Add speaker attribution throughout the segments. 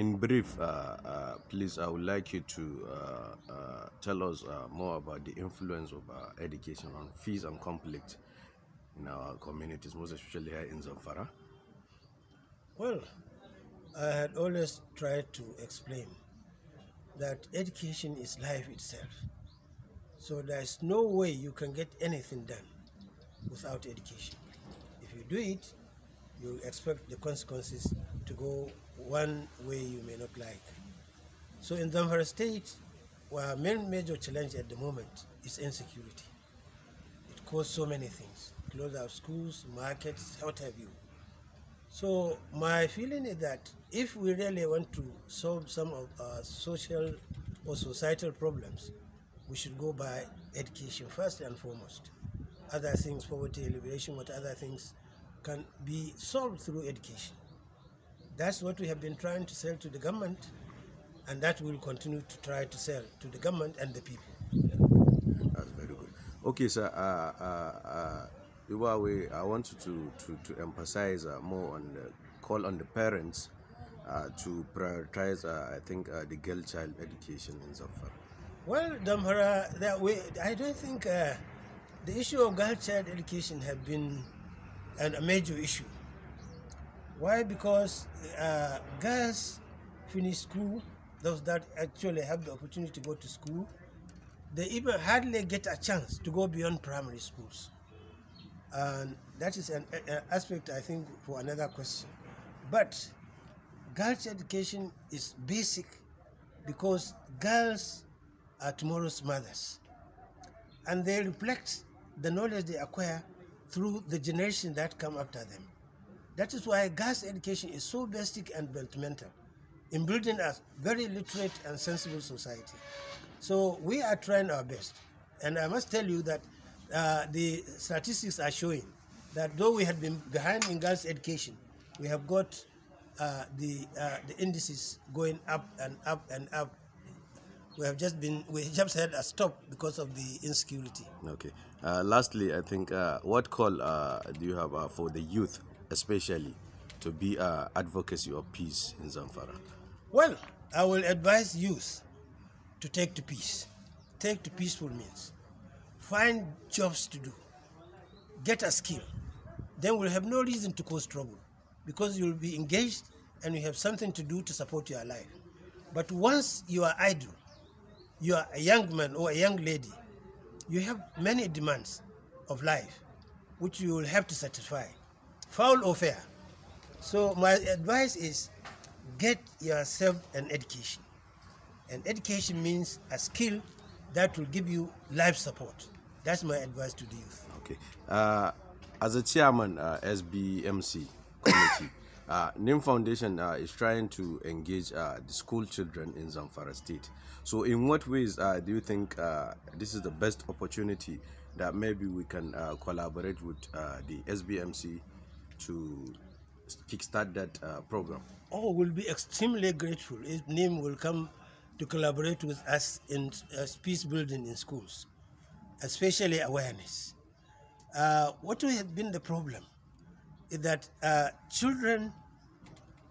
Speaker 1: in brief, uh, uh, please, I would like you to uh, uh tell us uh, more about the influence of uh, education on fees and conflict in our communities, most especially here in Zamfara.
Speaker 2: Well, I had always tried to explain that education is life itself. So there's no way you can get anything done without education. If you do it, you expect the consequences to go one way you may not like. So in Zamfara State, our main major challenge at the moment is insecurity. It caused so many things, close our schools, markets, what have you. So my feeling is that if we really want to solve some of our social or societal problems, we should go by education first and foremost. Other things, poverty alleviation, what other things can be solved through education. That's what we have been trying to sell to the government, and that we will continue to try to sell to the government and the people.
Speaker 1: That's very good. Okay, sir. Uh, uh, uh, I want to, to, to emphasize uh, more on the call on the parents uh, to prioritize, uh, I think, uh, the girl child education in Zamfara. Well, Damhara,
Speaker 2: that I don't think the issue of girl child education has been an, a major issue why? Because uh, girls finish school, those that actually have the opportunity to go to school, they even hardly get a chance to go beyond primary schools. And that is an, an aspect, I think, for another question. But girls' education is basic because girls are tomorrow's mothers. And they reflect the knowledge they acquire through the generation that come after them. That is why girls' education is so basic and developmental in building a very literate and sensible society. So we are trying our best. And I must tell you that uh, the statistics are showing that though we had been behind in girls' education, we have got uh, the, uh, the indices going up and up and up. We have just been we just had a stop because of the insecurity.
Speaker 1: Okay. Uh, lastly, I think uh, what call uh, do you have for the youth especially to be an advocacy of peace in Zamfara?
Speaker 2: Well, I will advise youth to take to peace. Take to peaceful means. Find jobs to do. Get a skill. Then we'll have no reason to cause trouble because you'll be engaged and you have something to do to support your life. But once you are idle, you are a young man or a young lady, you have many demands of life which you will have to satisfy foul or fair. So my advice is get yourself an education. And education means a skill that will give you life support. That's my advice to the youth.
Speaker 1: Okay. Uh, as a chairman, uh, SBMC committee, uh, NIM Foundation uh, is trying to engage uh, the school children in Zamfara State. So in what ways uh, do you think uh, this is the best opportunity that maybe we can collaborate with the SBMC to kickstart that uh, program?
Speaker 2: Oh, we'll be extremely grateful if NIM will come to collaborate with us in uh, peace building in schools, especially awareness. Uh, what has been the problem is that uh, children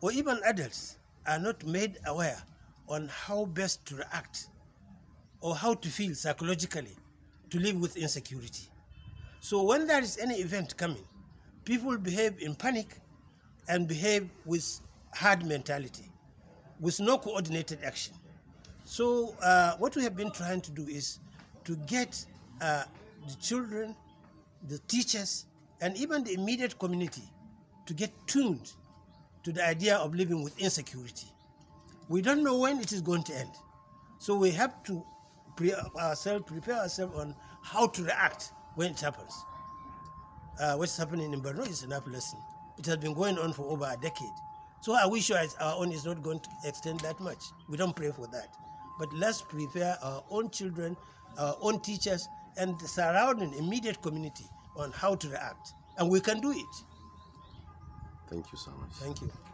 Speaker 2: or even adults are not made aware on how best to react or how to feel psychologically to live with insecurity. So when there is any event coming, people behave in panic and behave with hard mentality, with no coordinated action. So uh, what we have been trying to do is to get uh, the children, the teachers, and even the immediate community to get tuned to the idea of living with insecurity. We don't know when it is going to end. So we have to pre ourselves, prepare ourselves on how to react when it happens uh, what's happening in Borno is enough lesson. It has been going on for over a decade. So I wish our own is not going to extend that much. We don't pray for that. But let's prepare our own children, our own teachers, and the surrounding immediate community on how to react. And we can do it.
Speaker 1: Thank you so much. Thank you.